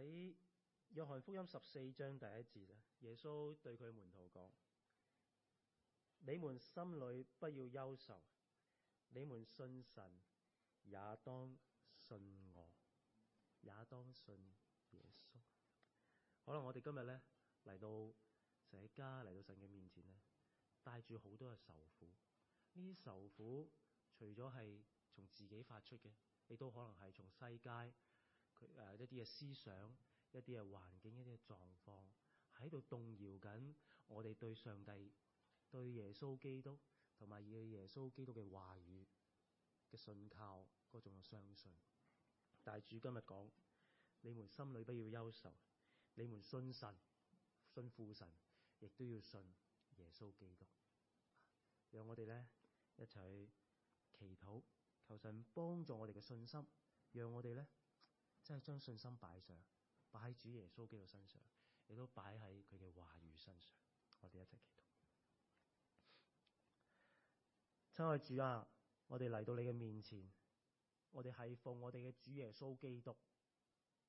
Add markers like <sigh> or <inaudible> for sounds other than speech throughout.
喺約翰福音十四章第一節咧，耶穌對佢門徒講：你們心裏不要憂愁，你們信神也當信我，也當信耶穌。可能我哋今日咧嚟到神嘅家，嚟到神嘅面前咧，帶住好多嘅愁苦。呢啲愁苦除咗係從自己發出嘅，亦都可能係從世界。誒、啊，一啲嘅思想，一啲嘅環境，一啲嘅狀況，喺度動搖緊我哋對上帝、對耶穌基督，同埋以耶穌基督嘅話語嘅信靠，嗰種嘅相信。但係主今日講，你們心裏不要憂愁，你們信神、信父神，亦都要信耶穌基督。讓我哋咧一齊祈禱，求神幫助我哋嘅信心，讓我哋咧。真係將信心擺上，擺喺主耶穌基督身上，亦都擺喺佢嘅話語身上。我哋一齊祈禱，親愛主啊，我哋嚟到你嘅面前，我哋係奉我哋嘅主耶穌基督，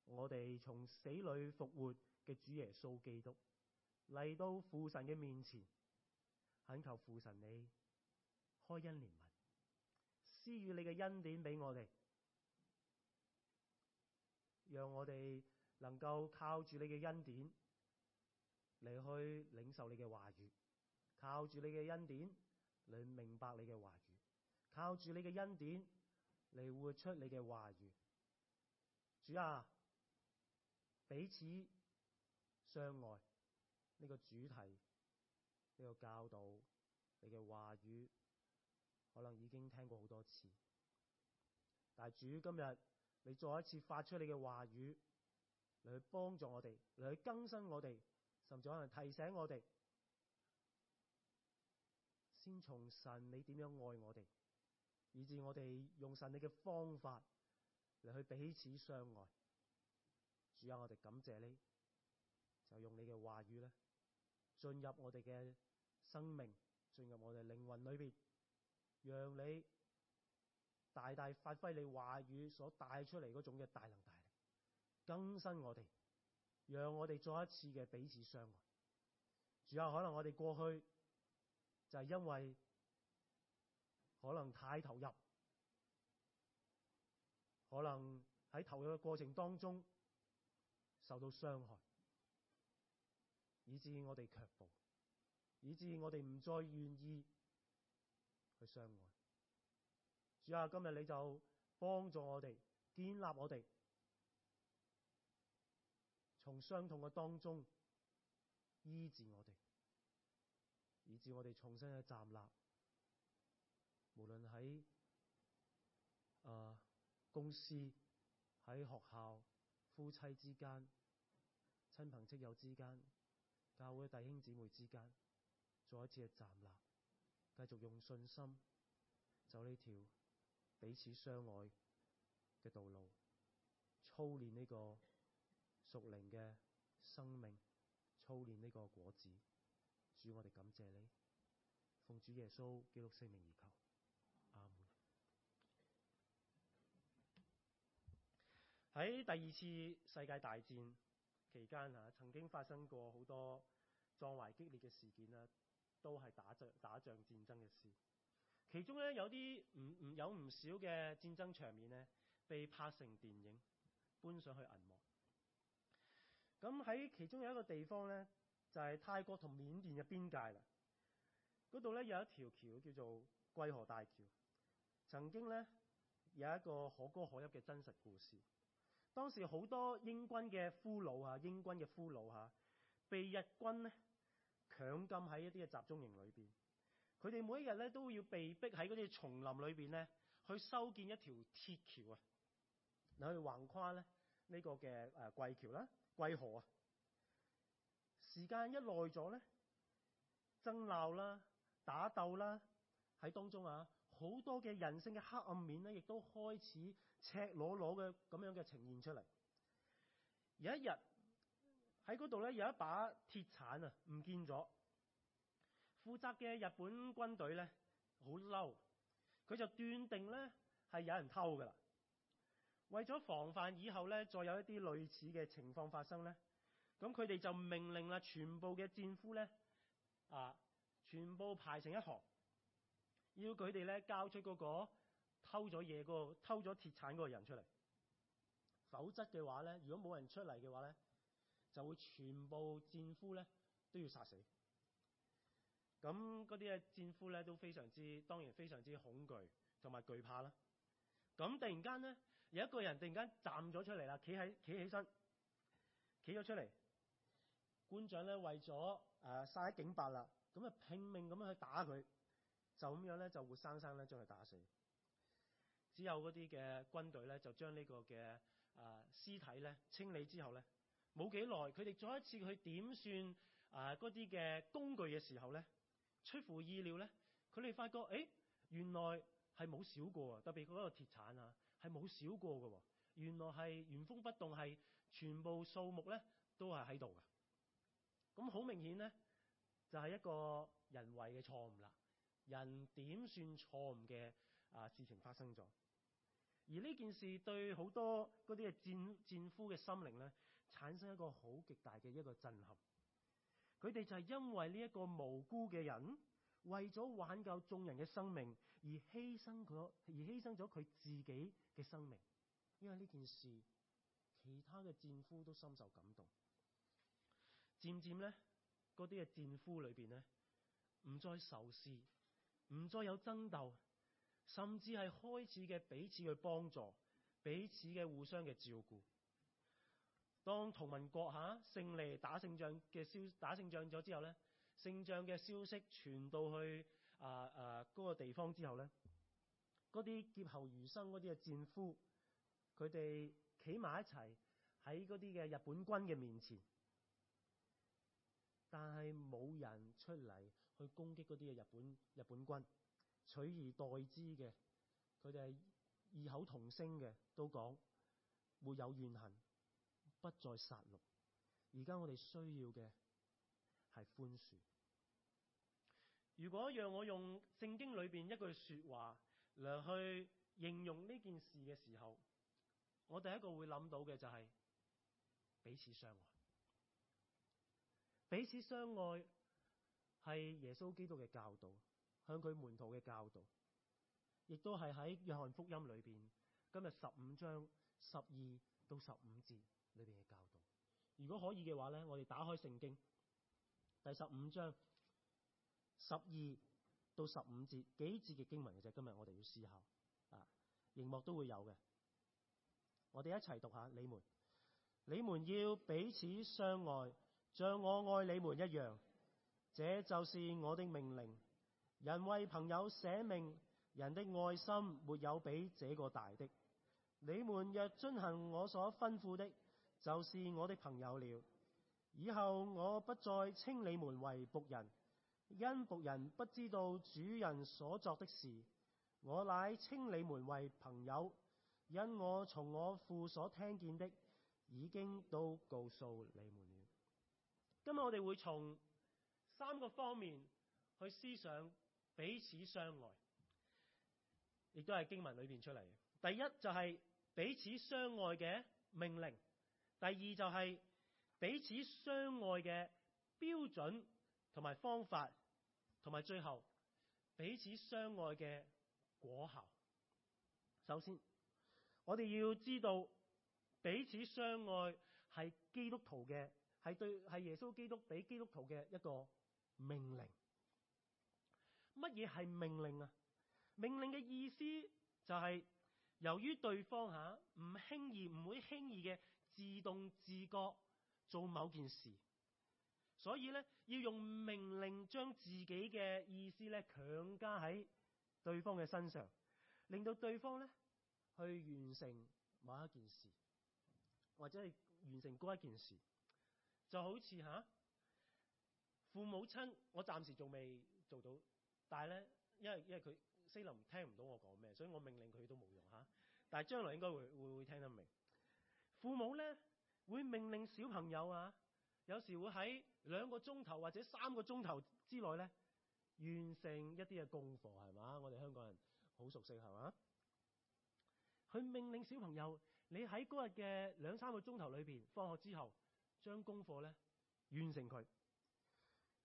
我哋從死裏復活嘅主耶穌基督嚟到父神嘅面前，懇求父神你開恩憐憫，施予你嘅恩典俾我哋。讓我哋能夠靠住你嘅恩典嚟去領受你嘅話語，靠住你嘅恩典嚟明白你嘅話語，靠住你嘅恩典嚟活出你嘅話語。主啊，彼此相愛呢個主題，呢個教導，你嘅話語可能已經聽過好多次，但係主今日。你再一次發出你嘅話語嚟去幫助我哋，嚟去更新我哋，甚至可能提醒我哋，先從神你點樣愛我哋，以至我哋用神你嘅方法嚟去彼此相愛。主啊，我哋感謝你，就用你嘅話語咧，進入我哋嘅生命，進入我哋靈魂裏邊，讓你。大大發揮你話語所帶出嚟嗰種嘅大能大力，更新我哋，讓我哋再一次嘅彼此相愛。主啊，可能我哋過去就係因為可能太投入，可能喺投入嘅過程當中受到傷害，以至我哋卻步，以至我哋唔再願意去相愛。主啊，今日你就幫助我哋，建立我哋，從傷痛嘅當中醫治我哋，以致我哋重新嘅站立。無論喺、呃、公司、喺學校、夫妻之間、親朋戚友之間、教會弟兄姊妹之間，再一次嘅站立，繼續用信心走呢條。彼此相愛嘅道路，操練呢個屬靈嘅生命，操練呢個果子。主，我哋感謝你，奉主耶穌基督聖名，而求，阿門。喺 <noise> 第二次世界大戰期間啊，曾經發生過好多壯懷激烈嘅事件啦，都係打仗打仗戰爭嘅事。其中咧有啲唔唔有唔少嘅戰爭場面咧，被拍成電影，搬上去銀幕。咁喺其中有一個地方咧，就係泰國同緬甸嘅邊界啦。嗰度咧有一條橋叫做桂河大橋，曾經咧有一個可歌可泣嘅真實故事。當時好多英軍嘅俘虜啊，英軍嘅俘虜嚇，被日軍咧強禁喺一啲嘅集中營裏邊。佢哋每一日咧都要被逼喺嗰啲叢林裏邊咧，去修建一條鐵橋啊，去橫跨咧呢個嘅誒桂橋啦、桂河啊。時間一耐咗咧，爭鬧啦、打鬥啦，喺當中啊，好多嘅人性嘅黑暗面咧，亦都開始赤裸裸嘅咁樣嘅呈現出嚟。有一日喺嗰度咧，有一把鐵鏟啊，唔見咗。負責嘅日本軍隊咧，好嬲，佢就斷定咧係有人偷嘅啦。為咗防範以後咧再有一啲類似嘅情況發生咧，咁佢哋就命令啦，全部嘅戰俘咧啊，全部排成一行，要佢哋咧交出嗰個偷咗嘢嗰個偷咗鐵鏟嗰個人出嚟。否則嘅話咧，如果冇人出嚟嘅話咧，就會全部戰俘咧都要殺死。咁嗰啲嘅戰俘咧都非常之，當然非常之恐懼同埋懼怕啦。咁突然間咧，有一個人突然間站咗出嚟啦，企喺企起身，企咗出嚟。官長咧為咗誒殺一儆百啦，咁、呃、啊拼命咁樣去打佢，就咁樣咧就活生生咧將佢打死。之後嗰啲嘅軍隊咧就將呢個嘅誒、呃、屍體咧清理之後咧，冇幾耐，佢哋再一次去點算誒嗰啲嘅工具嘅時候咧。出乎意料咧，佢哋發覺，誒、欸，原來係冇少過啊，特別嗰個鐵鏟啊，係冇少過嘅。原來係原封不動，係全部數目咧都係喺度嘅。咁好明顯咧，就係、是、一個人為嘅錯誤啦。人點算錯誤嘅啊事情發生咗，而呢件事對好多嗰啲嘅戰戰俘嘅心靈咧，產生一個好極大嘅一個震撼。佢哋就係因為呢一個無辜嘅人，為咗挽救眾人嘅生命而犧牲咗，而犧牲咗佢自己嘅生命。因為呢件事，其他嘅戰俘都深受感動。漸漸咧，嗰啲嘅戰俘裏邊咧，唔再仇視，唔再有爭鬥，甚至係開始嘅彼此去幫助，彼此嘅互相嘅照顧。當同盟國嚇勝利打勝仗嘅消打勝仗咗之後咧，勝仗嘅消息傳到去啊啊嗰個地方之後咧，嗰啲劫後餘生嗰啲嘅戰俘，佢哋企埋一齊喺嗰啲嘅日本軍嘅面前，但係冇人出嚟去攻擊嗰啲嘅日本日本軍。取而代之嘅佢哋係異口同聲嘅都講沒有怨恨。不再殺戮，而家我哋需要嘅係寬恕。如果讓我用聖經裏邊一句說話嚟去形容呢件事嘅時候，我第一個會諗到嘅就係彼此相愛。彼此相愛係耶穌基督嘅教導，向佢門徒嘅教導，亦都係喺約翰福音裏邊，今日十五章十二到十五節。如果可以嘅話呢，我哋打開聖經第十五章十二到十五節，幾節嘅經文嘅啫。今日我哋要思考啊，熒幕都會有嘅。我哋一齊讀下：你們，你們要彼此相愛，像我愛你們一樣。這就是我的命令。人為朋友捨命，人的愛心沒有比這個大的。你們若遵行我所吩咐的，就是我的朋友了。以後我不再稱你們為僕人，因僕人不知道主人所作的事。我乃稱你們為朋友，因我從我父所聽見的，已經都告訴你們了。今日我哋會從三個方面去思想彼此相愛，亦都係經文裏面出嚟。第一就係彼此相愛嘅命令。第二就係彼此相愛嘅標準同埋方法，同埋最後彼此相愛嘅果效。首先，我哋要知道彼此相愛係基督徒嘅，係對係耶穌基督俾基督徒嘅一個命令。乜嘢係命令啊？命令嘅意思就係由於對方嚇唔輕易，唔會輕易嘅。自動自覺做某件事，所以咧，要用命令將自己嘅意思咧，強加喺對方嘅身上，令到對方咧去完成某一件事，或者係完成嗰一件事，就好似吓、啊、父母親，我暫時仲未做到，但係咧因為因為佢西林聽唔到我講咩，所以我命令佢都冇用吓、啊，但係將來應該會會、會聽得明。父母呢會命令小朋友啊，有時會喺兩個鐘頭或者三個鐘頭之內呢，完成一啲嘅功課，係嘛？我哋香港人好熟悉，係嘛？佢命令小朋友，你喺嗰日嘅兩三個鐘頭裏邊，放學之後將功課呢完成佢。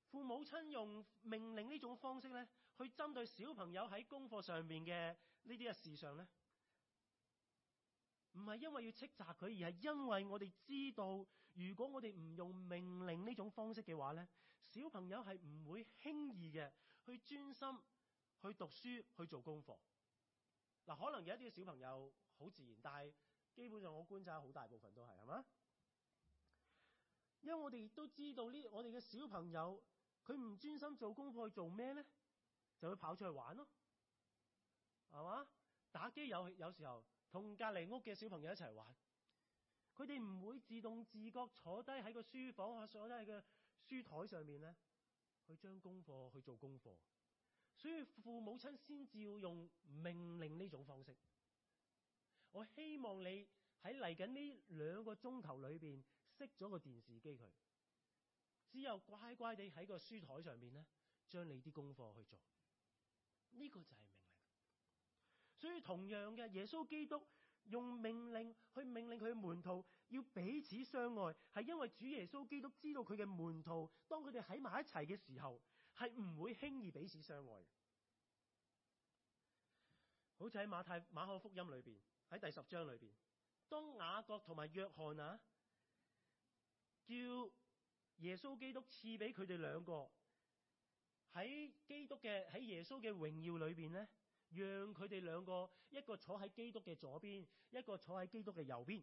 父母親用命令呢種方式呢，去針對小朋友喺功課上面嘅呢啲嘅事上呢。唔係因為要斥責佢，而係因為我哋知道，如果我哋唔用命令呢種方式嘅話呢，小朋友係唔會輕易嘅去專心去讀書去做功課。嗱，可能有一啲小朋友好自然，但係基本上我觀察好大部分都係，係嘛？因為我哋都知道呢，我哋嘅小朋友佢唔專心做功課去做咩呢？就會跑出去玩咯，係嘛？打機有，有時候。同隔籬屋嘅小朋友一齊玩，佢哋唔會自動自覺坐低喺個書房啊，坐低喺個書台上面咧，去將功課去做功課。所以父母親先至要用命令呢種方式。我希望你喺嚟緊呢兩個鐘頭裏邊熄咗個電視機佢，只有乖乖地喺個書台上面咧，將你啲功課去做。呢個就係。所以同樣嘅，耶穌基督用命令去命令佢嘅門徒要彼此相愛，係因為主耶穌基督知道佢嘅門徒當佢哋喺埋一齊嘅時候，係唔會輕易彼此相愛。好似喺馬太馬可福音裏邊，喺第十章裏邊，當雅各同埋約翰啊，叫耶穌基督賜俾佢哋兩個喺基督嘅喺耶穌嘅榮耀裏邊咧。讓佢哋兩個，一個坐喺基督嘅左邊，一個坐喺基督嘅右邊。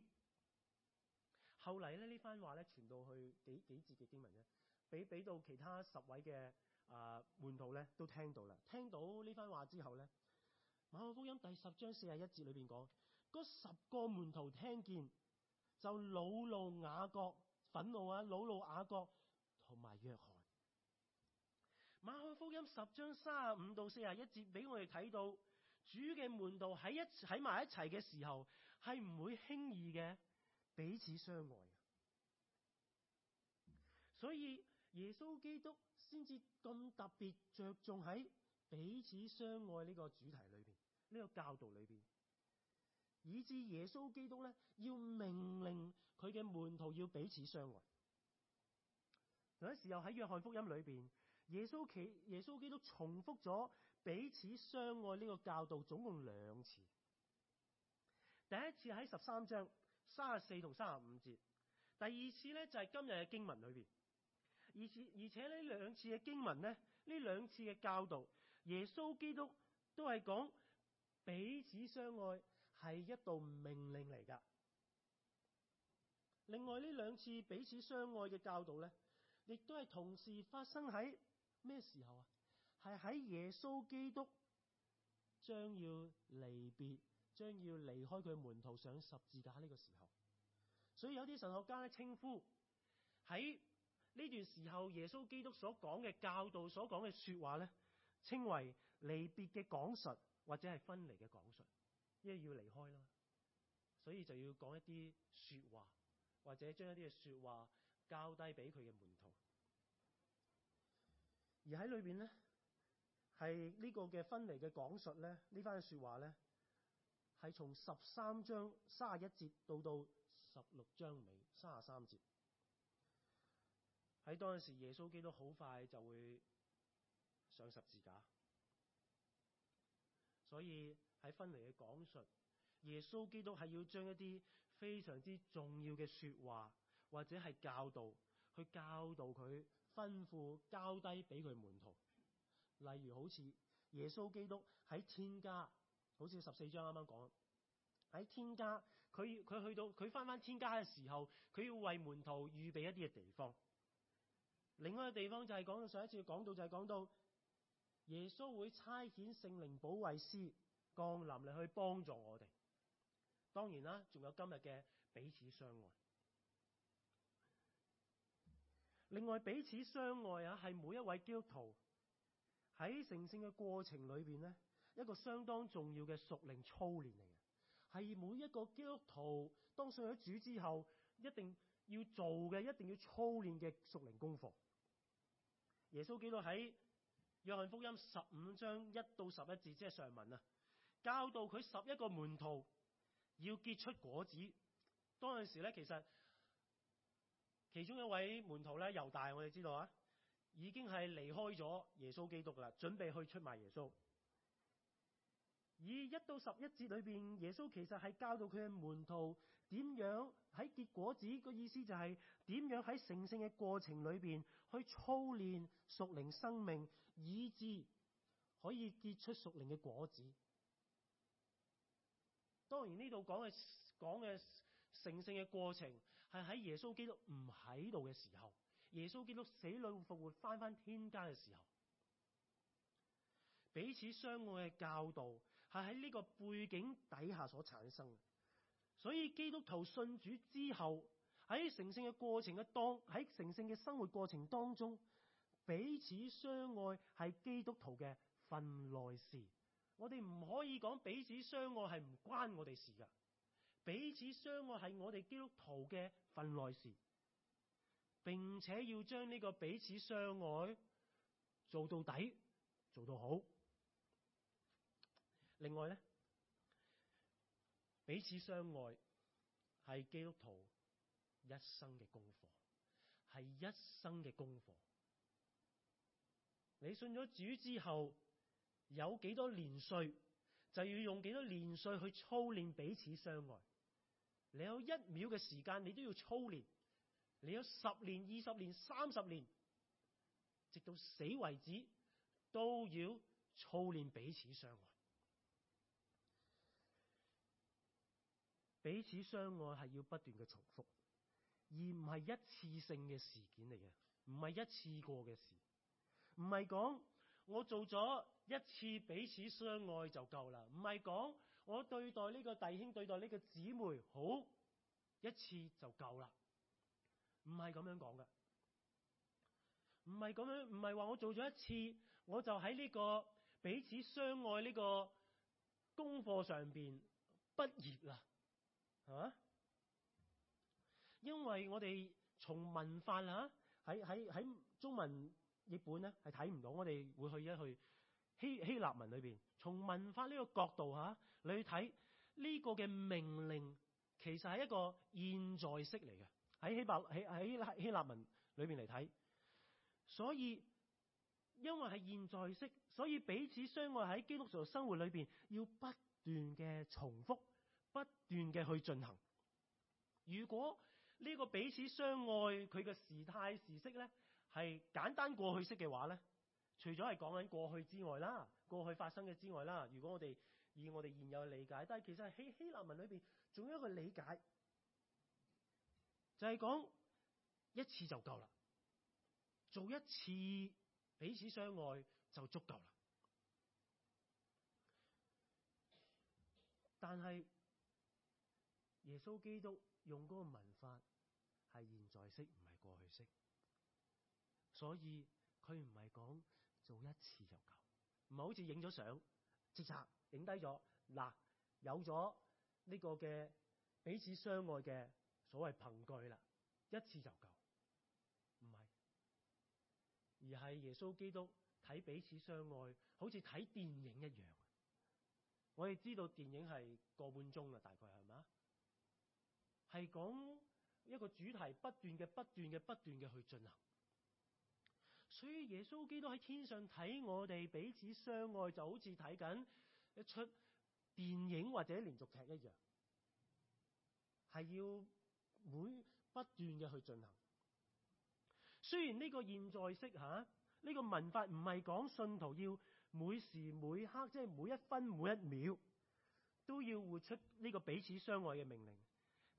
後嚟咧呢番話咧傳到去幾幾節嘅經文咧，俾俾到其他十位嘅啊、呃、門徒咧都聽到啦。聽到呢番話之後咧，馬可福音第十章四十一節裏邊講，嗰十個門徒聽見就惱怒雅各，憤怒啊，惱怒雅各同埋約翰。馬可福音十章三十五到四十一節，俾我哋睇到主嘅門徒喺一喺埋一齊嘅時候，係唔會輕易嘅彼此相愛。所以耶穌基督先至咁特別着重喺彼此相愛呢個主題裏邊，呢個教導裏邊，以致耶穌基督咧要命令佢嘅門徒要彼此相愛。有啲時候喺約翰福音裏邊。耶穌基耶穌基督重複咗彼此相愛呢個教導總共兩次，第一次喺十三章三十四同三十五節，第二次咧就係、是、今日嘅經文裏邊。而而且呢兩次嘅經文咧，呢兩次嘅教導耶穌基督都係講彼此相愛係一道命令嚟噶。另外呢兩次彼此相愛嘅教導咧，亦都係同時發生喺。咩時候啊？係喺耶穌基督將要離別，將要離開佢門徒上十字架呢個時候。所以有啲神學家咧稱呼喺呢段時候耶穌基督所講嘅教導所、所講嘅說話咧，稱為離別嘅講述或者係分離嘅講述，因為要離開啦，所以就要講一啲說話或者將一啲嘅說話交低俾佢嘅門徒。而喺裏面呢，係呢個嘅分離嘅講述呢。呢番說話呢，係從十三章三十一節到到十六章尾三十三節。喺當時耶穌基督好快就會上十字架，所以喺分離嘅講述，耶穌基督係要將一啲非常之重要嘅說話或者係教導，去教導佢。吩咐交低俾佢門徒，例如好似耶穌基督喺天家，好似十四章啱啱講喺天家，佢佢去到佢返返天家嘅時候，佢要為門徒預備一啲嘅地方。另外一個嘅地方就係講到上一次講到就係講到耶穌會差遣聖靈保惠師降臨嚟去幫助我哋。當然啦，仲有今日嘅彼此相愛。另外，彼此相愛啊，係每一位基督徒喺成聖嘅過程裏邊咧，一個相當重要嘅屬靈操練嚟嘅，係每一個基督徒當上咗主之後，一定要做嘅，一定要操練嘅屬靈功課。耶穌基督喺約翰福音十五章一到十一節，即係上文啊，教導佢十一個門徒要結出果子。當陣時咧，其實其中一位門徒咧，猶大，我哋知道啊，已經係離開咗耶穌基督啦，準備去出賣耶穌。以一到十一節裏邊，耶穌其實係教導佢嘅門徒點樣喺結果子，個意思就係、是、點樣喺成聖嘅過程裏邊去操練屬靈生命，以至可以結出屬靈嘅果子。當然呢度講嘅講嘅成聖嘅過程。係喺耶穌基督唔喺度嘅時候，耶穌基督死裏復活返返天家嘅時候，彼此相愛嘅教導係喺呢個背景底下所產生嘅。所以基督徒信主之後，喺成聖嘅過程嘅當，喺成聖嘅生活過程當中，彼此相愛係基督徒嘅份內事。我哋唔可以講彼此相愛係唔關我哋事噶。彼此相愛係我哋基督徒嘅份內事，並且要將呢個彼此相愛做到底，做到好。另外咧，彼此相愛係基督徒一生嘅功課，係一生嘅功課。你信咗主之後，有幾多年歲，就要用幾多年歲去操練彼此相愛。你有一秒嘅時間，你都要操練；你有十年、二十年、三十年，直到死為止，都要操練彼此相愛。彼此相愛係要不斷嘅重複，而唔係一次性嘅事件嚟嘅，唔係一次過嘅事，唔係講我做咗一次彼此相愛就夠啦，唔係講。我對待呢個弟兄，對待呢個姊妹，好一次就夠啦。唔係咁樣講嘅，唔係咁樣，唔係話我做咗一次，我就喺呢個彼此相愛呢個功課上邊畢業啦，係、啊、嘛？因為我哋從文化嚇喺喺喺中文譯本咧係睇唔到，我哋會去一去希希臘文裏邊，從文化呢個角度嚇。啊你去睇呢個嘅命令，其實係一個現在式嚟嘅，喺希伯喺喺希臘文裏面嚟睇，所以因為係現在式，所以彼此相愛喺基督徒生活裏邊要不斷嘅重複，不斷嘅去進行。如果呢個彼此相愛佢嘅時態時式咧係簡單過去式嘅話咧，除咗係講緊過去之外啦，過去發生嘅之外啦，如果我哋。以我哋現有嘅理解，但係其實喺希臘文裏邊仲有一個理解，就係、是、講一次就夠啦，做一次彼此相愛就足夠啦。但係耶穌基督用嗰個文法係現在式，唔係過去式，所以佢唔係講做一次就夠，唔係好似影咗相，即刻影低咗嗱，有咗呢個嘅彼此相愛嘅所謂憑據啦，一次就夠，唔係，而係耶穌基督睇彼此相愛，好似睇電影一樣。我哋知道電影係個半鐘啦，大概係咪啊？係講一個主題不斷嘅、不斷嘅、不斷嘅去進行，所以耶穌基督喺天上睇我哋彼此相愛，就好似睇緊。一出電影或者連續劇一樣，係要會不斷嘅去進行。雖然呢個現在式吓，呢、啊，這個文法唔係講信徒要每時每刻，即、就、係、是、每一分每一秒都要活出呢個彼此相愛嘅命令，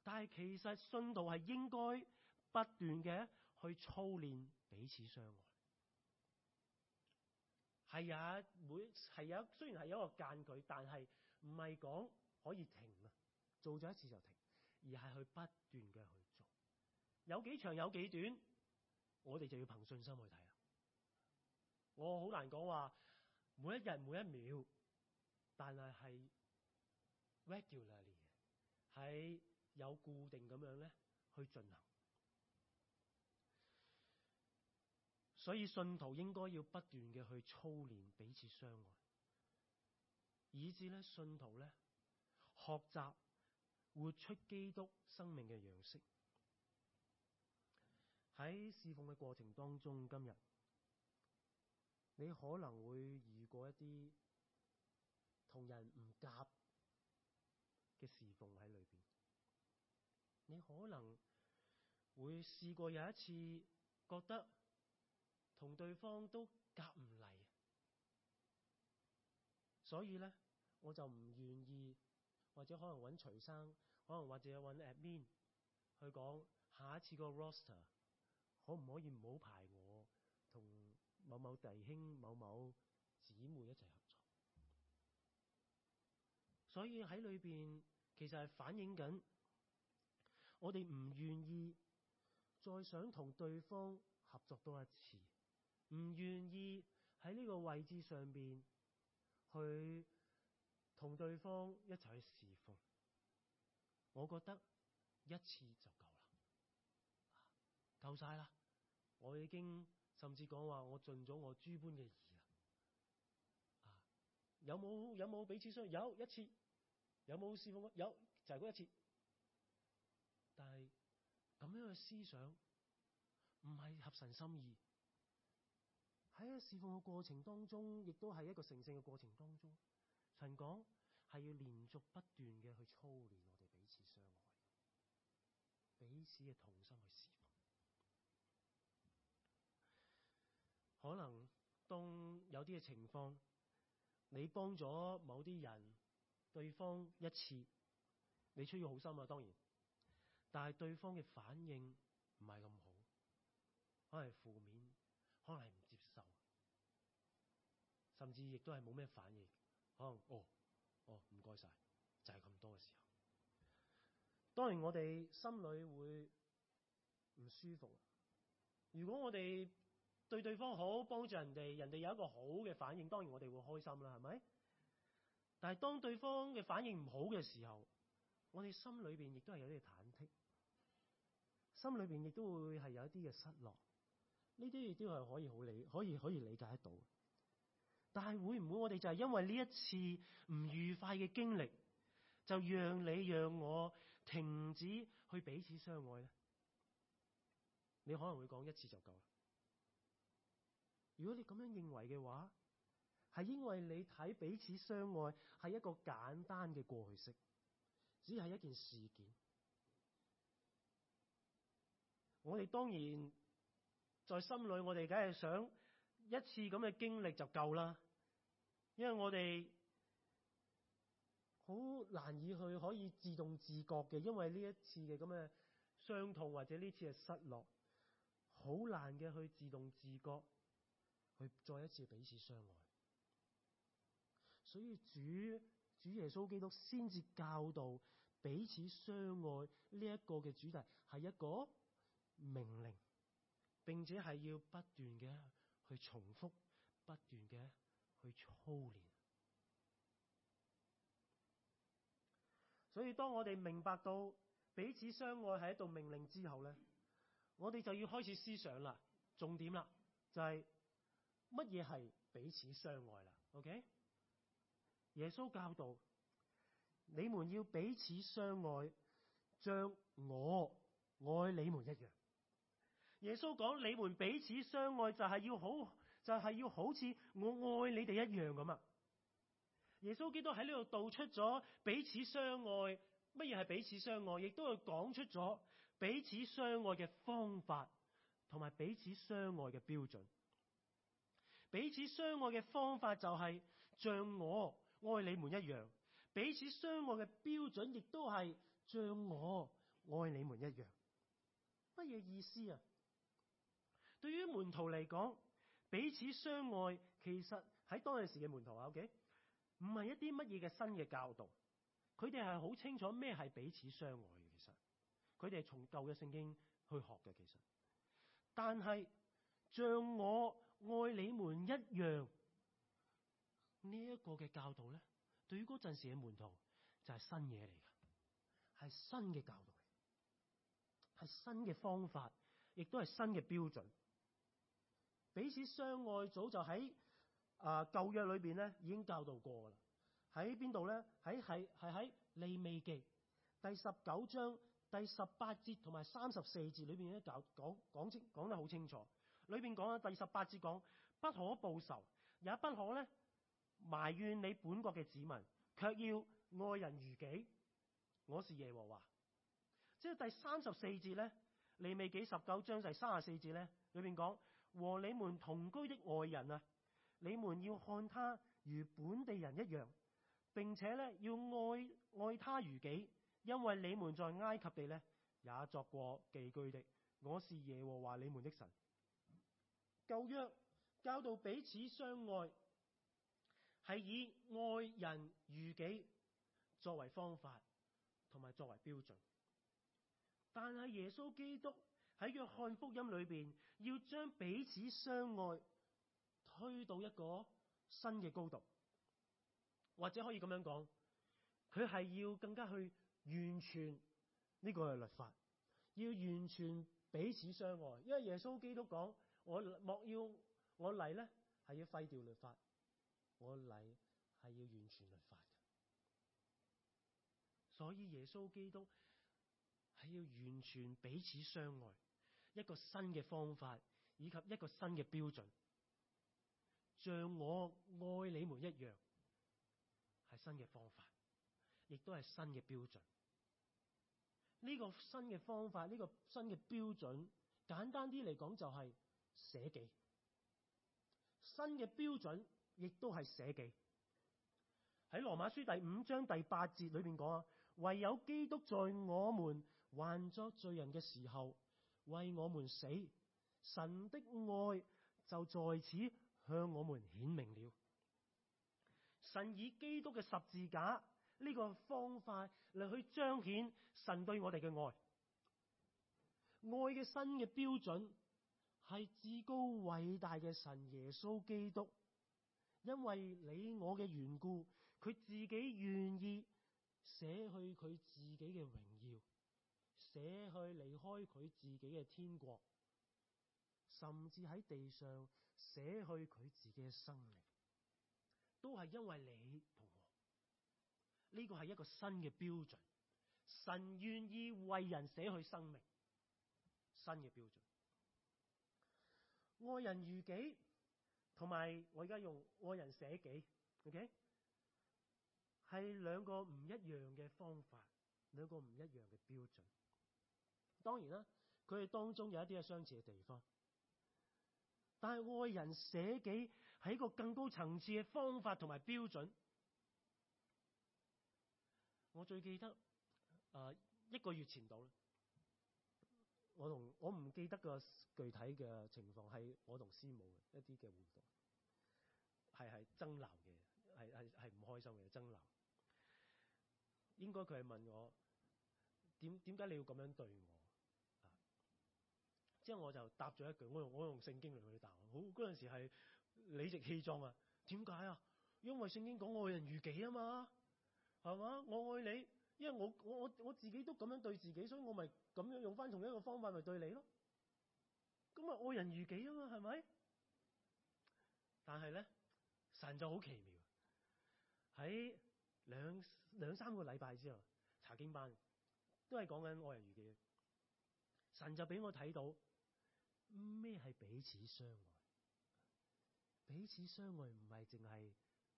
但係其實信徒係應該不斷嘅去操練彼此相愛。係啊、哎，每係有、哎，雖然係有一個間距，但係唔係講可以停啊，做咗一次就停，而係去不斷嘅去做，有幾長有幾短，我哋就要憑信心去睇啊。我好難講話每一日每一秒，但係係 regularly 係有固定咁樣咧去進行。所以信徒應該要不斷嘅去操練彼此相愛，以致咧信徒咧學習活出基督生命嘅樣式。喺侍奉嘅過程當中，今日你可能會遇過一啲同人唔夾嘅侍奉喺裏面。你可能會試過有一次覺得。同對方都夾唔嚟，所以咧我就唔願意，或者可能揾徐生，可能或者揾 admin 去講下一次個 roster 可唔可以唔好排我同某某弟兄、某某姊妹一齊合作。所以喺裏邊其實係反映緊，我哋唔願意再想同對方合作多一次。唔願意喺呢個位置上邊去同對方一齊去侍奉，我覺得一次就夠啦，夠晒啦，我已經甚至講話我盡咗我諸般嘅義啦。啊，有冇有冇彼此相？有，有，有一次，有冇侍奉？有就係、是、嗰一次。但係咁樣嘅思想唔係合神心意。喺啊，釋放嘅過程當中，亦都係一個成聖嘅過程當中。神講係要連續不斷嘅去操練我哋彼此相愛，彼此嘅同心去釋放。可能當有啲嘅情況，你幫咗某啲人，對方一次，你出於好心啊，當然，但係對方嘅反應唔係咁好，可能係負面。亦都係冇咩反應，可能哦，哦唔該晒，就係咁多嘅時候。當然我哋心裏會唔舒服。如果我哋對對方好，幫助人哋，人哋有一個好嘅反應，當然我哋會開心啦，係咪？但係當對方嘅反應唔好嘅時候，我哋心裏邊亦都係有啲嘅忐忑，心裏邊亦都會係有一啲嘅失落。呢啲亦都係可以好理，可以可以理解得到。但係會唔會我哋就係因為呢一次唔愉快嘅經歷，就讓你讓我停止去彼此相愛咧？你可能會講一次就夠啦。如果你咁樣認為嘅話，係因為你睇彼此相愛係一個簡單嘅過去式，只係一件事件。我哋當然在心裏，我哋梗係想一次咁嘅經歷就夠啦。因為我哋好難以去可以自動自覺嘅，因為呢一次嘅咁嘅傷痛或者呢次嘅失落，好難嘅去自動自覺去再一次彼此相愛。所以主主耶穌基督先至教導彼此相愛呢一個嘅主題係一個命令，並且係要不斷嘅去重複，不斷嘅，去操練，所以當我哋明白到彼此相愛係一道命令之後呢，我哋就要開始思想啦。重點啦，就係乜嘢係彼此相愛啦？OK，耶穌教導你們要彼此相愛，像我愛你們一樣。耶穌講你們彼此相愛就係要好。就係要好似我愛你哋一樣咁啊！耶穌基督喺呢度道出咗彼此相愛，乜嘢係彼此相愛？亦都係講出咗彼此相愛嘅方法同埋彼此相愛嘅標準。彼此相愛嘅方法就係像我愛你們一樣，彼此相愛嘅標準亦都係像我愛你們一樣。乜嘢意思啊？對於門徒嚟講。彼此相愛，其實喺當陣時嘅門徒啊，OK，唔係一啲乜嘢嘅新嘅教導，佢哋係好清楚咩係彼此相愛嘅。其實，佢哋從舊嘅聖經去學嘅。其實，但係像我愛你們一樣呢一個嘅教導咧，對於嗰陣時嘅門徒就係新嘢嚟嘅，係新嘅教導，係新嘅方法，亦都係新嘅標準。彼此相愛早就喺啊舊約裏邊咧已經教導過啦，喺邊度咧？喺係係喺利未記第十九章第十八節同埋三十四節裏邊咧講講講清講得好清楚，裏邊講啊第十八節講、嗯、不可報仇，也不可咧埋怨,你本國嘅子民，卻要愛人如己。我是耶和華。即係第三十四節咧，利未記十九章就係三十四節咧，裏邊講。和你們同居的外人啊，你們要看他如本地人一樣，並且咧要愛愛他如己，因為你們在埃及地咧也作過寄居的。我是耶和華你們的神。舊約教導彼此相愛，係以愛人如己作為方法同埋作為標準。但係耶穌基督喺約翰福音裏邊。要將彼此相愛推到一個新嘅高度，或者可以咁樣講，佢係要更加去完全呢個係律法，要完全彼此相愛。因為耶穌基督講：我莫要我嚟呢，係要廢掉律法，我嚟係要完全律法的。所以耶穌基督係要完全彼此相愛。一個新嘅方法，以及一個新嘅標準，像我愛你們一樣，係新嘅方法，亦都係新嘅標準。呢、這個新嘅方法，呢、這個新嘅標準，簡單啲嚟講就係捨己。新嘅標準亦都係捨己。喺羅馬書第五章第八節裏面講啊，唯有基督在我們還作罪人嘅時候，為我們死，神的愛就在此向我們顯明了。神以基督嘅十字架呢個方法嚟去彰顯神對我哋嘅愛。愛嘅新嘅標準係至高偉大嘅神耶穌基督，因為你我嘅緣故，佢自己願意捨去佢自己嘅榮耀。捨去離開佢自己嘅天國，甚至喺地上捨去佢自己嘅生命，都係因為你同我。呢個係一個新嘅標準，神願意為人捨去生命，新嘅標準。愛人如己，同埋我而家用愛人捨己，OK，係兩個唔一樣嘅方法，兩個唔一樣嘅標準。當然啦，佢哋當中有一啲嘅相似嘅地方，但係愛人捨己係一個更高層次嘅方法同埋標準。我最記得誒、呃、一個月前度咧，我同我，唔記得個具體嘅情況係我同師母一啲嘅互動，係係爭鬧嘅，係係係唔開心嘅爭鬧。應該佢係問我點，點解你要咁樣對我？之後我就答咗一句，我用我用聖經嚟同你答。好，嗰陣時係理直氣壯啊！點解啊？因為聖經講愛人如己啊嘛，係嘛？我愛你，因為我我我我自己都咁樣對自己，所以我咪咁樣用翻同一個方法咪對你咯。咁啊，愛人如己啊嘛，係咪？但係咧，神就好奇妙，喺兩兩三個禮拜之後查經班都係講緊愛人如己，神就俾我睇到。咩係彼此相愛？彼此相愛唔係淨係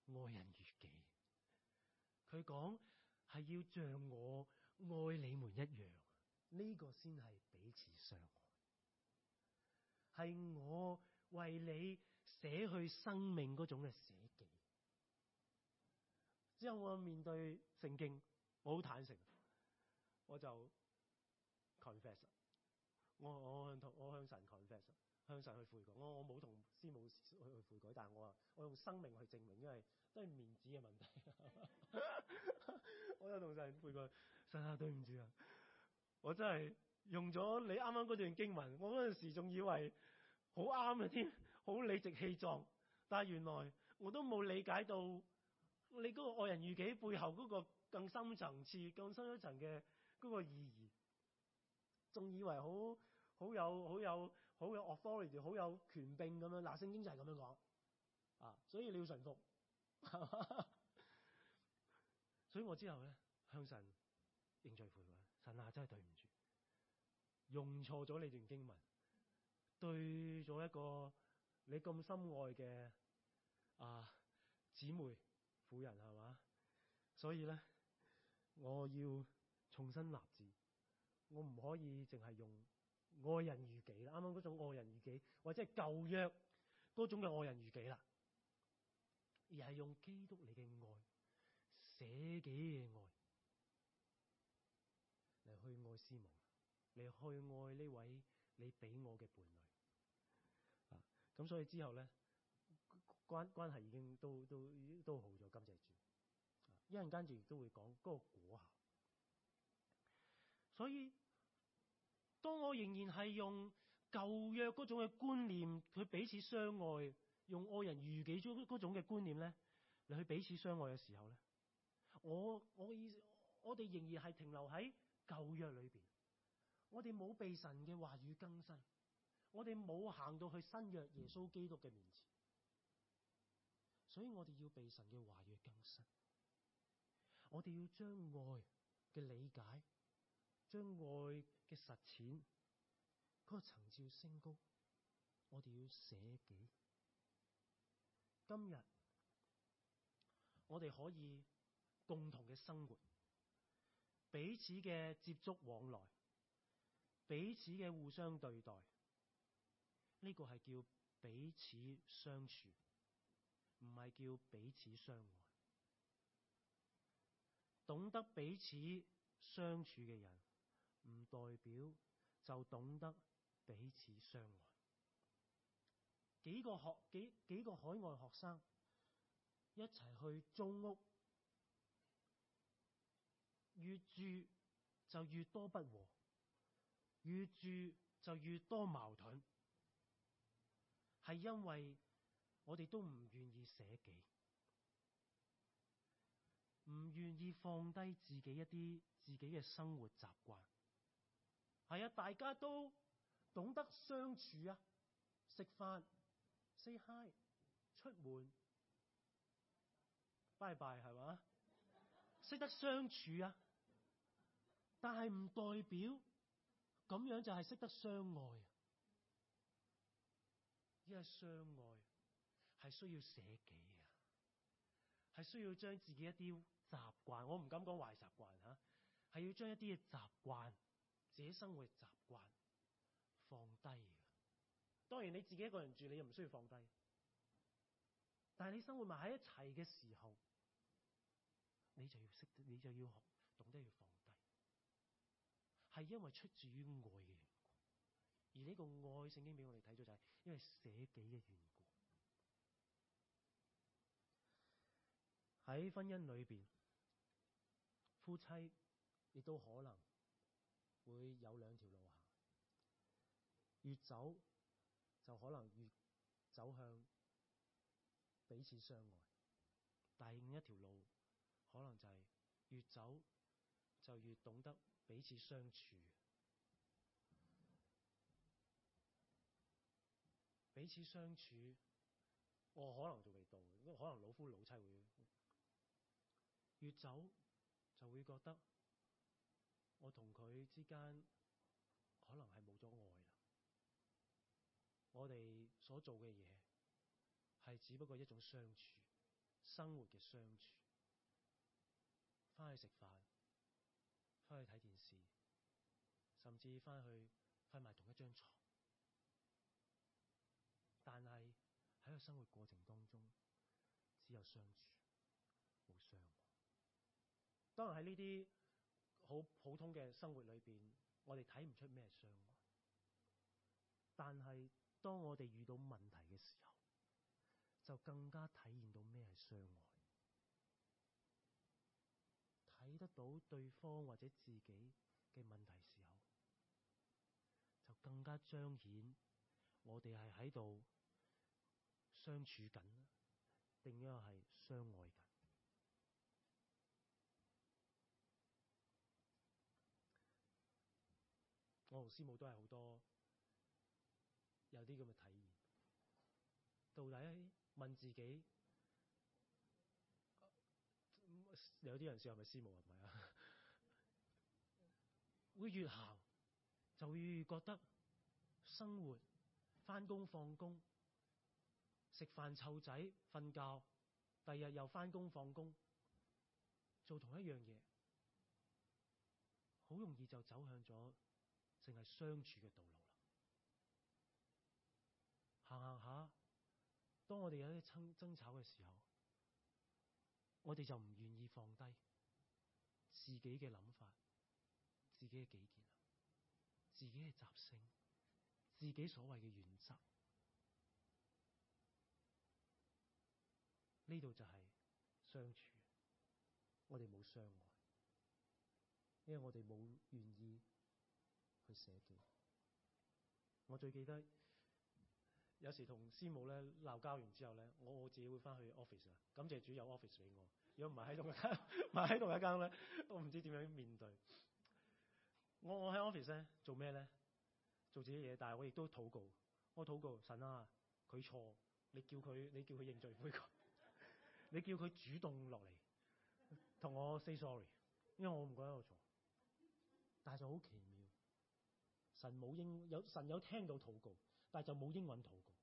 愛人如己，佢講係要像我愛你們一樣，呢個先係彼此相愛。係我為你捨去生命嗰種嘅捨己。之後我面對聖經，我好坦誠，我就 confess。我我向同我向神 confess，向神去悔改。我我冇同師母去悔改，但係我話我用生命去證明，因為都係面子嘅問題。 <laughs> 我有同神悔改，神啊對唔住啊！我真係用咗你啱啱嗰段經文，我嗰陣時仲以為好啱啊添，好理直氣壯。但係原來我都冇理解到你嗰個愛人如己背後嗰個更深層次、更深一層嘅嗰個意義，仲以為好。好有好有好有 authority，好有權柄咁樣嗱，聖經就係咁樣講啊，所以你要順服， <laughs> 所以我之後咧向神認罪悔過，神啊真係對唔住，用錯咗你段經文，對咗一個你咁深愛嘅啊姊妹婦人係嘛？所以咧我要重新立志，我唔可以淨係用。愛人如己，啱啱嗰種愛人如己，或者係舊約嗰種嘅愛人如己啦，而係用基督你嘅愛，捨己嘅愛嚟去愛師母，嚟去愛呢位你俾我嘅伴侶。啊，咁所以之後咧關關係已經都都都，都好咗，感謝主，一陣間就亦都會講嗰個果效。所以。當我仍然係用舊約嗰種嘅觀念，去彼此相愛，用愛人如己中嗰種嘅觀念咧，嚟去彼此相愛嘅時候咧，我我嘅意思我哋仍然係停留喺舊約裏邊，我哋冇被神嘅話語更新，我哋冇行到去新約耶穌基督嘅面前，所以我哋要被神嘅話語更新，我哋要將愛嘅理解，將愛。嘅實踐，嗰個層次要升高，我哋要捨己。今日我哋可以共同嘅生活，彼此嘅接觸往來，彼此嘅互相對待，呢個係叫彼此相處，唔係叫彼此相愛。懂得彼此相處嘅人。唔代表就懂得彼此相愛。幾個學幾幾個海外學生一齊去租屋，越住就越多不和，越住就越多矛盾，係因為我哋都唔願意捨己，唔願意放低自己一啲自己嘅生活習慣。係啊，大家都懂得相處啊，食飯 say hi，出門 bye bye 係嘛，識 <laughs> 得相處啊，但係唔代表咁樣就係識得相愛。因為相愛係需要捨己啊，係需要將自己一啲習慣，我唔敢講壞習慣吓，係要將一啲嘅習慣。自己生活習慣放低，當然你自己一個人住，你又唔需要放低。但係你生活埋一齊嘅時候，你就要識，你就要學，懂得要放低，係因為出自於愛嘅緣故。而呢個愛，聖經俾我哋睇咗就係因為捨己嘅緣故。喺婚姻裏面，夫妻亦都可能。會有兩條路行，越走就可能越走向彼此相愛；第二條路可能就係越走就越懂得彼此相處。彼此相處，我可能仲未到，因為可能老夫老妻會越走就會覺得。我同佢之間可能係冇咗愛啦，我哋所做嘅嘢係只不過一種相處，生活嘅相處，返去食飯，返去睇電視，甚至返去瞓埋同一張床，但係喺個生活過程當中只有相處，冇相愛。當然係呢啲。好普通嘅生活裏邊，我哋睇唔出咩係相愛，但係當我哋遇到問題嘅時候，就更加體現到咩係相愛，睇得到對方或者自己嘅問題時候，就更加彰顯我哋係喺度相處緊，定一個係相愛緊。我同師母都係好多，有啲咁嘅體驗。到底問自己，有啲人笑係咪師母，啊，係咪啊？會越行就會越越覺得生活翻工放工、食飯湊仔、瞓覺，第二日又翻工放工，做同一樣嘢，好容易就走向咗。淨係相處嘅道路啦，行行下。當我哋有啲爭爭吵嘅時候，我哋就唔願意放低自己嘅諗法、自己嘅己見、自己嘅習性、自己所謂嘅原則。呢度就係相處，我哋冇相愛，因為我哋冇願意。去寫我最記得有時同師母咧鬧交完之後咧，我我自己會翻去 office 啦。感謝主有 office 俾我，如果唔係喺度，唔係喺度一間咧，都唔知點樣面對。我我喺 office 咧做咩咧？做自己嘢，但係我亦都禱告。我禱告神啊，佢錯，你叫佢你叫佢認罪，悔改。你叫佢主動落嚟同我 say sorry，因為我唔覺得我錯。但係就好奇。神冇英有神有聽到禱告，但係就冇英文禱告。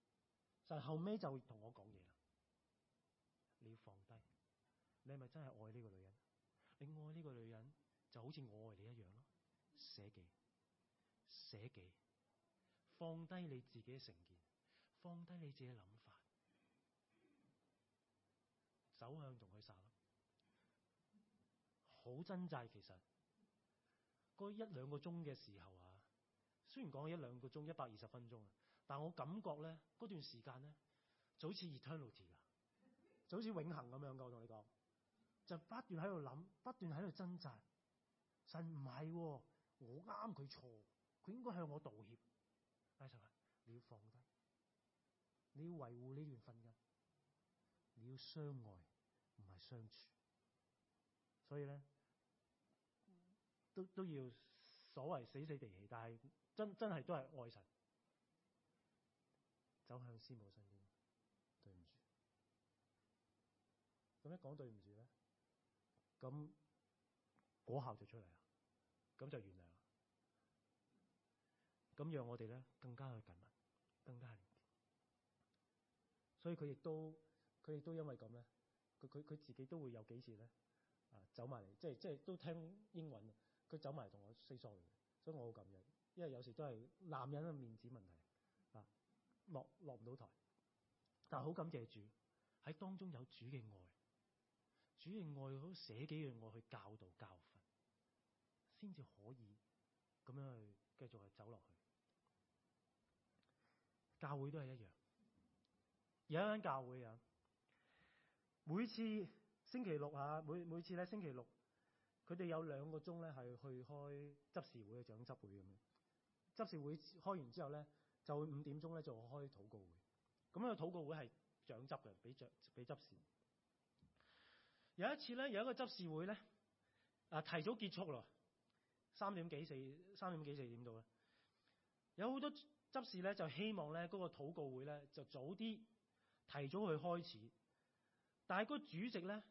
神後尾就同我講嘢啦，你要放低，你係咪真係愛呢個女人？你愛呢個女人就好似我愛你一樣咯。捨己，捨己，放低你自己嘅成見，放低你自己嘅諗法，走向同佢撒啦。好掙扎。其實嗰一兩個鐘嘅時候雖然講一兩個鐘，一百二十分鐘，但我感覺呢，嗰段時間呢就好似 eternity 噶，就好似永恒咁樣噶。我同你講，就不斷喺度諗，不斷喺度掙扎。神唔係、哦，我啱佢錯，佢應該向我道歉。阿、哎、神是你要放低，你要維護呢段婚姻，你要相愛，唔係相處。所以呢，都都要所謂死死地氣，但係。真真係都係愛神走向師母身邊。對唔住，咁一講對唔住咧，咁果效就出嚟啦。咁就原諒啦。咁讓我哋咧更加去緊密，更加連結。所以佢亦都佢亦都因為咁咧，佢佢佢自己都會有幾次咧啊，走埋嚟，即係即係都聽英文，佢走埋同我 say sorry，所以我好感恩。因為有時都係男人嘅面子問題啊，落落唔到台，但好感謝主，喺當中有主嘅愛，主嘅愛好捨己嘅愛去教導教訓，先至可以咁樣去繼續係走落去。教會都係一樣，有一間教會啊，每次星期六啊，每次星期六，佢、啊、哋有兩個鐘呢係去開執事會嘅長執會咁樣。執事會開完之後咧，就會五點鐘咧就開禱告會。咁咧禱告會係掌執嘅，俾獎俾執事。有一次咧，有一個執事會咧，啊提早結束咯，三點幾四三點幾四點到啦。有好多執事咧就希望咧嗰、那個禱告會咧就早啲，提早去開始。但係嗰個主席咧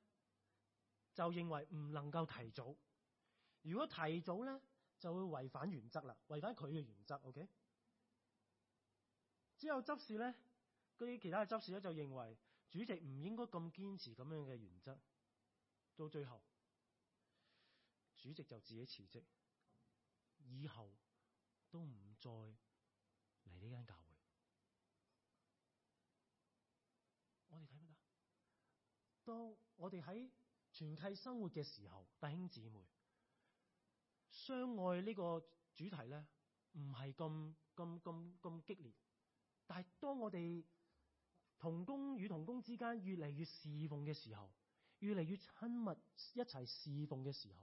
就認為唔能夠提早。如果提早咧，就會違反原則啦，違反佢嘅原則，OK？之後執事咧，嗰啲其他嘅執事咧就認為主席唔應該咁堅持咁樣嘅原則，到最後主席就自己辭職，以後都唔再嚟呢間教會。我哋睇乜噶？當我哋喺團契生活嘅時候，弟兄姊妹。相愛呢個主題咧，唔係咁咁咁咁激烈，但係當我哋同工與同工之間越嚟越侍奉嘅時候，越嚟越親密一齊侍奉嘅時候，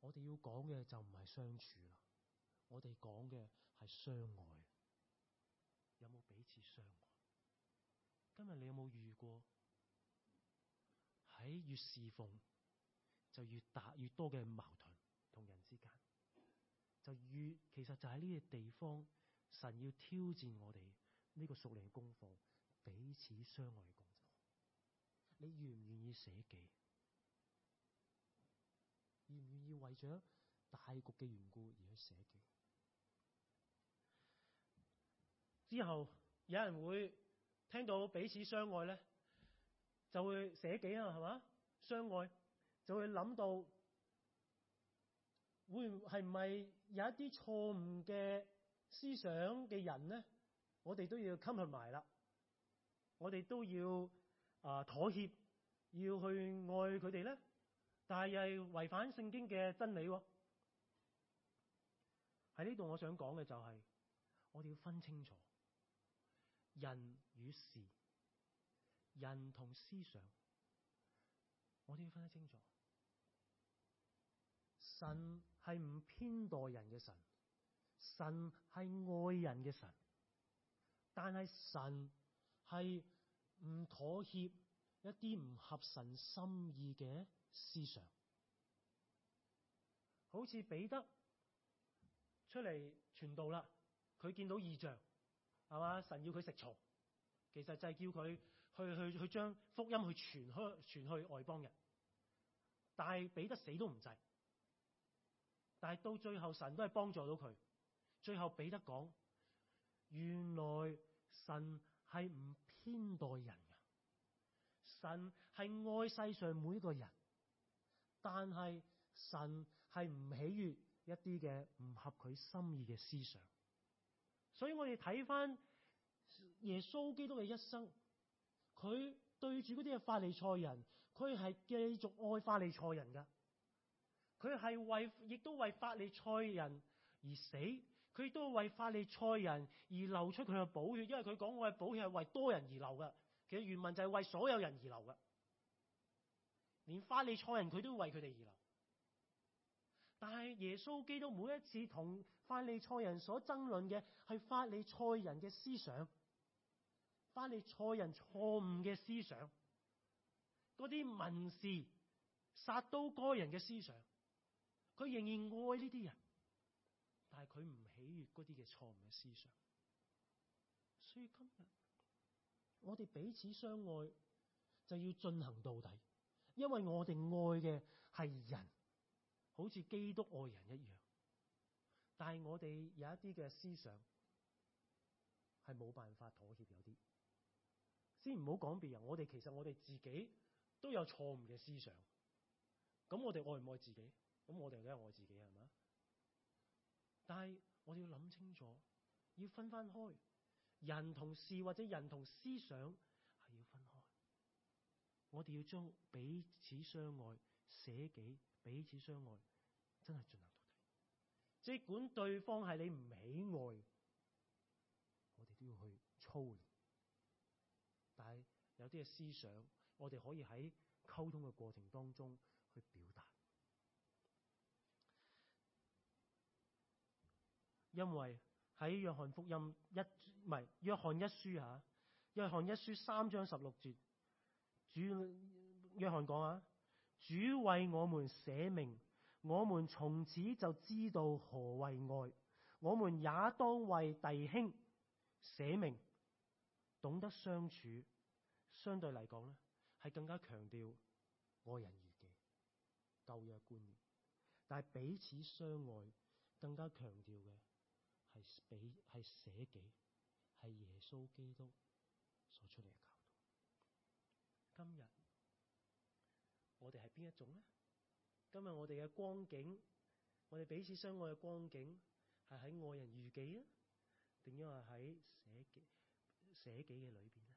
我哋要講嘅就唔係相處啦，我哋講嘅係相愛。有冇彼此相愛？今日你有冇遇過喺越侍奉？就越大越多嘅矛盾，同人之間就越其實就喺呢個地方，神要挑戰我哋呢個屬靈功課，彼此相愛嘅工作。你願唔願意捨己？願唔願意為咗大局嘅緣故而去捨己？之後有人會聽到彼此相愛咧，就會捨己啊，係嘛相愛？就會諗到，會係咪有一啲錯誤嘅思想嘅人咧？我哋都要 combine 埋啦，我哋都要啊、呃、妥協，要去愛佢哋咧，但係又係違反聖經嘅真理喎、哦。喺呢度我想講嘅就係、是，我哋要分清楚人與事，人同思想，我都要分得清楚。神係唔偏待人嘅神，神係愛人嘅神，但係神係唔妥協一啲唔合神心意嘅思想。好似彼得出嚟傳道啦，佢見到異象，係嘛？神要佢食蟲，其實就係叫佢去去去將福音去傳開，傳去外邦人。但係彼得死都唔制。但係到最後，神都係幫助到佢。最後彼得講：原來神係唔偏待人嘅，神係愛世上每一個人。但係神係唔喜悅一啲嘅唔合佢心意嘅思想。所以我哋睇翻耶穌基督嘅一生，佢對住嗰啲嘅法利賽人，佢係繼續愛法利賽人噶。佢係為，亦都為法利賽人而死，佢亦都為法利賽人而流出佢嘅寶血，因為佢講，我嘅寶血係為多人而流嘅。其實原文就係為所有人而流嘅，連法利賽人佢都為佢哋而流。但係耶穌基督每一次同法利賽人所爭論嘅係法利賽人嘅思想，法利賽人錯誤嘅思想，嗰啲文士、撒都該人嘅思想。佢仍然愛呢啲人，但係佢唔喜悅嗰啲嘅錯誤嘅思想。所以今日我哋彼此相愛就要進行到底，因為我哋愛嘅係人，好似基督愛人一樣。但係我哋有一啲嘅思想係冇辦法妥協有啲，先唔好講別人。我哋其實我哋自己都有錯誤嘅思想，咁我哋愛唔愛自己？咁我哋都係愛自己係嘛？但係我哋要諗清楚，要分翻開，人同事或者人同思想係要分開，我哋要將彼此相愛，捨己、彼此相愛，真係進行到底。即管對方係你唔喜愛，我哋都要去操練。但係有啲嘅思想，我哋可以喺溝通嘅過程當中去表。因為喺約翰福音一，唔係約翰一書吓，約翰一書三章十六節，主約翰講啊，主為我們捨命，我們從此就知道何為愛，我們也當為弟兄捨命，懂得相處。相對嚟講咧，係更加強調愛人如己、舊約觀念，但係彼此相愛更加強調嘅。係俾係捨己，係耶穌基督所出嚟嘅教導。今日我哋係邊一種咧？今日我哋嘅光景，我哋彼此相愛嘅光景，係喺愛人如己啊，定抑或喺捨己、捨己嘅裏邊咧？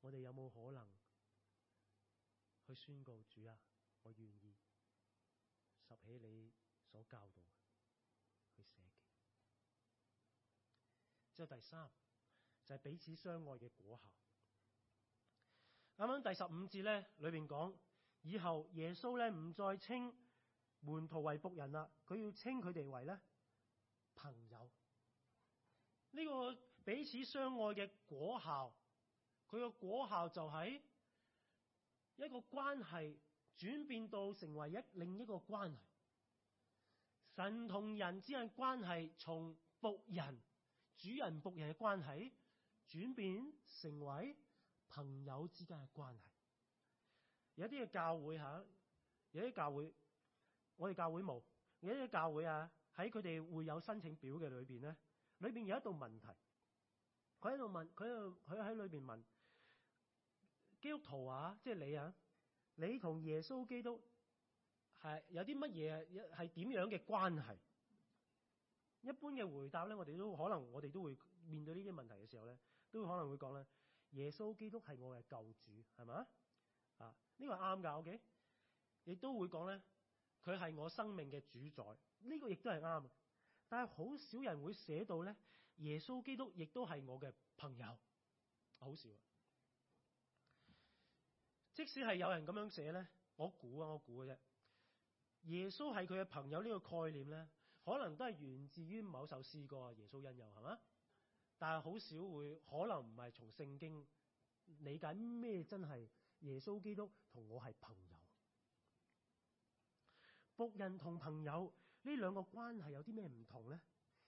我哋有冇可能去宣告主啊？我願意拾起你所教導。第三就係、是、彼此相愛嘅果效。啱啱第十五節咧，裏邊講以後耶穌咧唔再稱門徒為僕人啦，佢要稱佢哋為咧朋友。呢、這個彼此相愛嘅果效，佢個果效就係一個關係轉變到成為一另一個關係。神同人之間關係從僕人。主人僕人嘅關係轉變成為朋友之間嘅關係。有啲嘅教會吓，有啲教會，我哋教會冇。有啲教會啊，喺佢哋會有申請表嘅裏邊咧，裏邊有一道問題，佢喺度問，佢又佢喺裏邊問，基督徒啊，即係你啊，你同耶穌基督係有啲乜嘢，係點樣嘅關係？一般嘅回答咧，我哋都可能，我哋都會面對呢啲問題嘅時候咧，都會可能會講咧，耶穌基督係我嘅救主，係咪啊，呢個啱噶，OK。亦都會講咧，佢係我生命嘅主宰，呢個亦都係啱。但係好少人會寫到咧，耶穌基督亦都係我嘅朋友，好少。即使係有人咁樣寫咧，我估啊，我估嘅啫。耶穌係佢嘅朋友呢個概念咧。可能都係源自於某首詩歌，耶穌恩友係嘛？但係好少會，可能唔係從聖經理解咩真係耶穌基督同我係朋友。僕人同朋友呢兩個關係有啲咩唔同咧？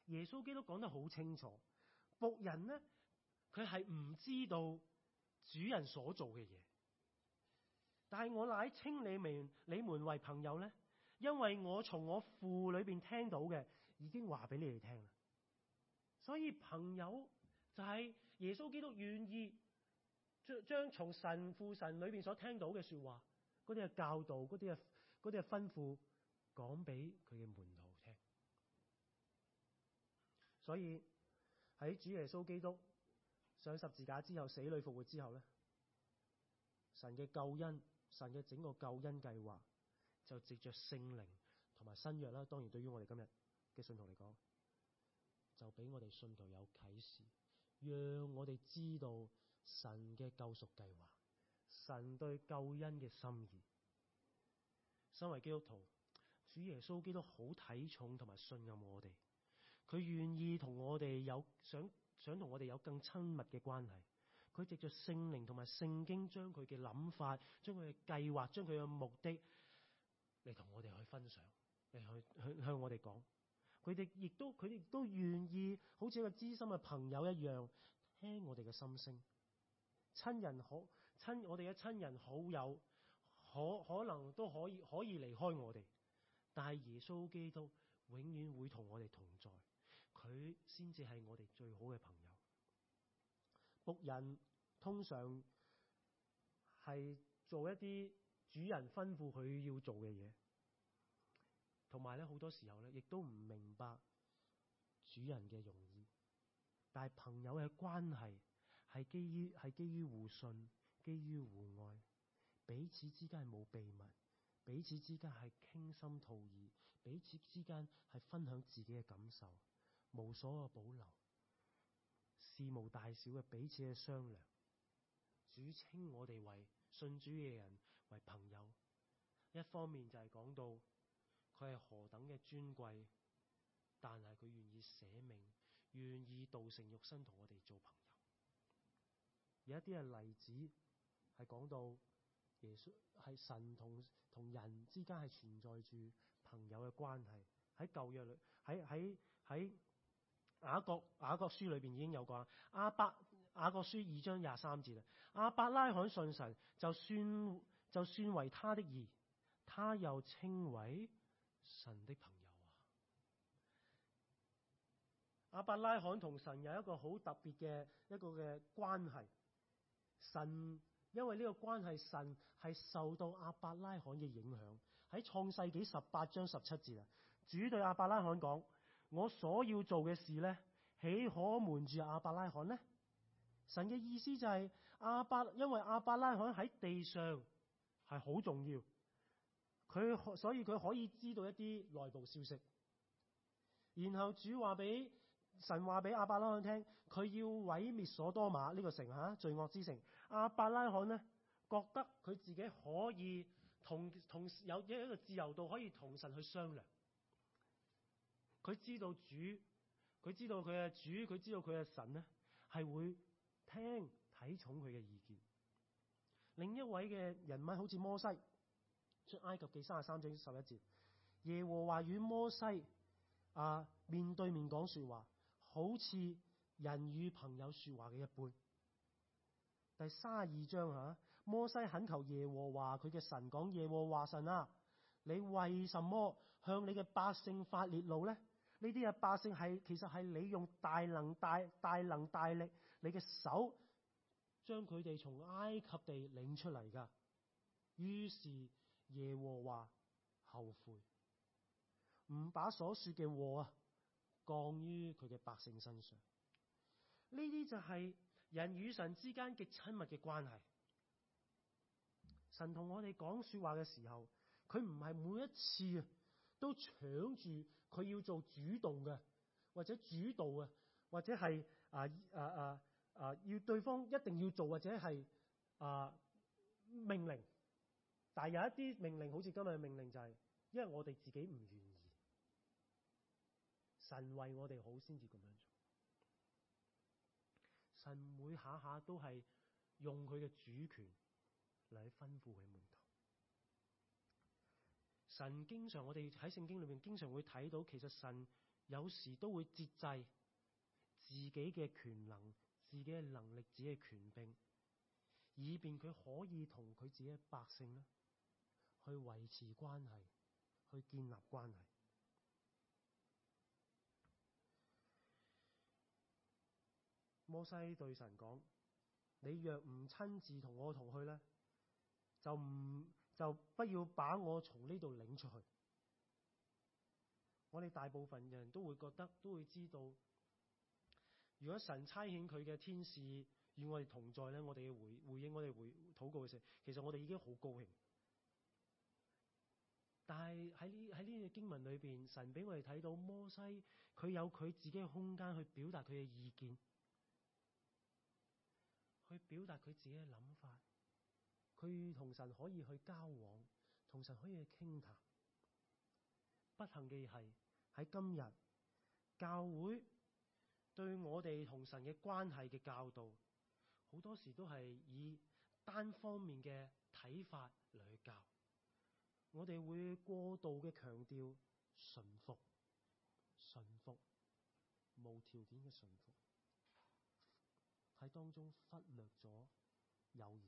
耶穌基督講得好清楚，僕人咧，佢係唔知道主人所做嘅嘢，但係我乃稱你們你們為朋友咧。因為我從我父裏邊聽到嘅，已經話俾你哋聽啦。所以朋友就係、是、耶穌基督願意將將從神父神裏邊所聽到嘅說話，嗰啲嘅教導，嗰啲嘅嗰啲嘅吩咐，講俾佢嘅門徒聽。所以喺主耶穌基督上十字架之後，死裏復活之後咧，神嘅救恩，神嘅整個救恩計劃。就藉着聖靈同埋新約啦，當然對於我哋今日嘅信徒嚟講，就俾我哋信徒有啟示，讓我哋知道神嘅救贖計劃，神對救恩嘅心意。身為基督徒，主耶穌基督好睇重同埋信任我哋，佢願意同我哋有想想同我哋有更親密嘅關係。佢藉着聖靈同埋聖經，將佢嘅諗法、將佢嘅計劃、將佢嘅目的。你同我哋去分享，你去去向我哋講，佢哋，亦都佢哋亦都願意，好似一個知心嘅朋友一樣，聽我哋嘅心聲。親人可親，我哋嘅親人好友可可能都可以可以離開我哋，但係耶穌基督永遠會同我哋同在，佢先至係我哋最好嘅朋友。僕人通常係做一啲。主人吩咐佢要做嘅嘢，同埋好多時候咧，亦都唔明白主人嘅用意。但係朋友嘅關係係基於互信，基於互愛，彼此之間係冇秘密，彼此之間係傾心吐意，彼此之間係分享自己嘅感受，無所謂保留，事無大小嘅彼此嘅商量。主稱我哋為信主嘅人朋友，一方面就係講到佢係何等嘅尊貴，但係佢願意捨命，願意道成肉身同我哋做朋友。有一啲嘅例子，係講到耶穌係神同同人之間係存在住朋友嘅關係。喺舊約裏，喺喺喺雅各雅各書裏邊已經有講阿伯雅各書二章廿三節啦。亞伯拉罕信神就，就算就算為他的義，他又稱為神的朋友啊。亞伯拉罕同神有一個好特別嘅一個嘅關係。神因為呢個關係，神係受到亞伯拉罕嘅影響。喺創世紀十八章十七節啦，主對亞伯拉罕講：我所要做嘅事呢，豈可瞞住亞伯拉罕呢？神嘅意思就係、是、亞伯，因為亞伯拉罕喺地上。係好重要。佢所以佢可以知道一啲內部消息。然後主話俾神話俾亞伯拉罕聽，佢要毀滅所多瑪呢個城吓，啊，罪惡之城。亞伯拉罕呢覺得佢自己可以同同有有一個自由度可以同神去商量。佢知道主，佢知道佢嘅主，佢知道佢嘅神呢係會聽、睇重佢嘅意見。另一位嘅人物好似摩西，出埃及記三十三章十一節，耶和華與摩西啊面對面講說話，好似人與朋友說話嘅一般。第三十二章吓，啊，摩西懇求耶和華佢嘅神講，耶和華神啊，你為什麼向你嘅百姓發烈怒咧？呢啲啊百姓係其實係你用大能大大能大力你嘅手。將佢哋從埃及地領出嚟噶，於是耶和華後悔，唔把所說嘅禍啊降於佢嘅百姓身上。呢啲就係人與神之間極親密嘅關係。神同我哋講說話嘅時候，佢唔係每一次啊都搶住佢要做主動嘅，或者主導嘅，或者係啊啊啊。啊啊、呃！要對方一定要做，或者係啊、呃、命令，但係有一啲命令，好似今日嘅命令，就是，就係因為我哋自己唔願意，神為我哋好先至咁樣做。神每下下都係用佢嘅主權嚟吩咐佢門徒。神經常，我哋喺聖經裏面經常會睇到，其實神有時都會節制自己嘅權能。自己嘅能力，自己嘅權柄，以便佢可以同佢自己嘅百姓咧，去維持關係，去建立關係。摩西對神講：你若唔親自同我同去咧，就唔，就不要把我從呢度領出去。我哋大部分人都會覺得，都會知道。如果神差遣佢嘅天使與我哋同在咧，我哋嘅回回應我哋回禱告嘅時候，其實我哋已經好高興。但係喺呢喺呢個經文裏邊，神俾我哋睇到摩西，佢有佢自己嘅空間去表達佢嘅意見，去表達佢自己嘅諗法，佢同神可以去交往，同神可以去傾談。不幸嘅係喺今日教會。對我哋同神嘅關係嘅教導，好多時都係以單方面嘅睇法嚟，去教。我哋會過度嘅強調順服、順服、無條件嘅順服，喺當中忽略咗友誼、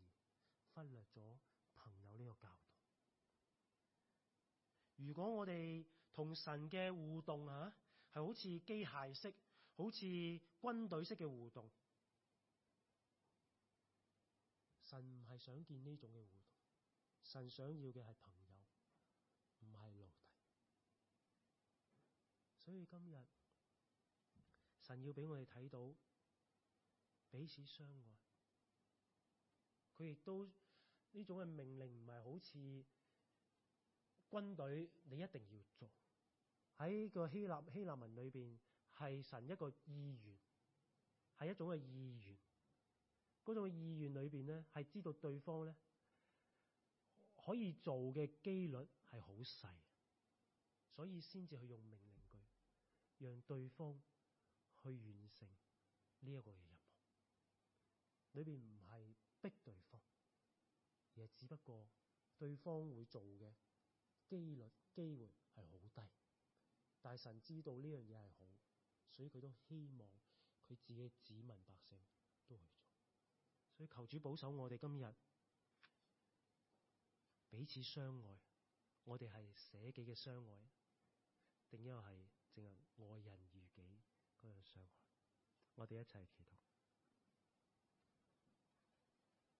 忽略咗朋友呢個教導。如果我哋同神嘅互動啊，係好似機械式，好似軍隊式嘅互動，神唔係想見呢種嘅互動，神想要嘅係朋友，唔係奴隸。所以今日神要俾我哋睇到彼此相愛，佢亦都呢種嘅命令唔係好似軍隊，你一定要做。喺個希臘希臘文裏邊。係神一個意願，係一種嘅意願。嗰種意願裏邊咧，係知道對方咧可以做嘅幾率係好細，所以先至去用命令句，讓對方去完成呢一個嘅任務。裏邊唔係逼對方，而係只不過對方會做嘅幾率機會係好低，但係神知道呢樣嘢係好。所以佢都希望佢自己子民百姓都去做。所以求主保守我哋今日彼此相愛，我哋係捨己嘅相愛，定抑或係淨係愛人如己噉樣相愛？我哋一齊祈禱。